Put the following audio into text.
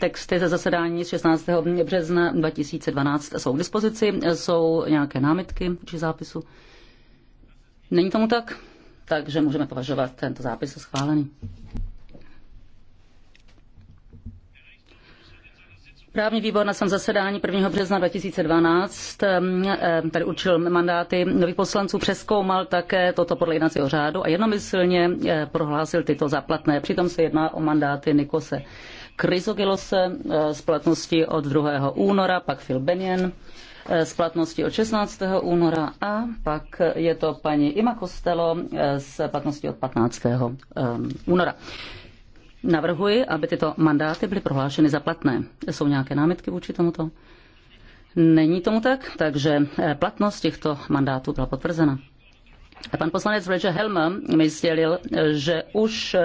Texty ze zasedání z 16. března 2012 jsou k dispozici. Jsou nějaké námitky či zápisu? Není tomu tak? Takže můžeme považovat tento zápis za schválený. Právní výbor na svém zasedání 1. března 2012 tady ehm, ehm, určil mandáty nových poslanců, přeskoumal také toto podle jednacího řádu a jednomyslně eh, prohlásil tyto zaplatné. Přitom se jedná o mandáty Nikose. Kryzogilose eh, z platnosti od 2. února, pak Phil Benjen eh, z platnosti od 16. února a pak je to paní Ima Kostelo eh, z platnosti od 15. února. Navrhuji, aby tyto mandáty byly prohlášeny za platné. Jsou nějaké námitky vůči tomuto? Není tomu tak, takže platnost těchto mandátů byla potvrzena. Pan poslanec Roger Helmer mi sdělil, že už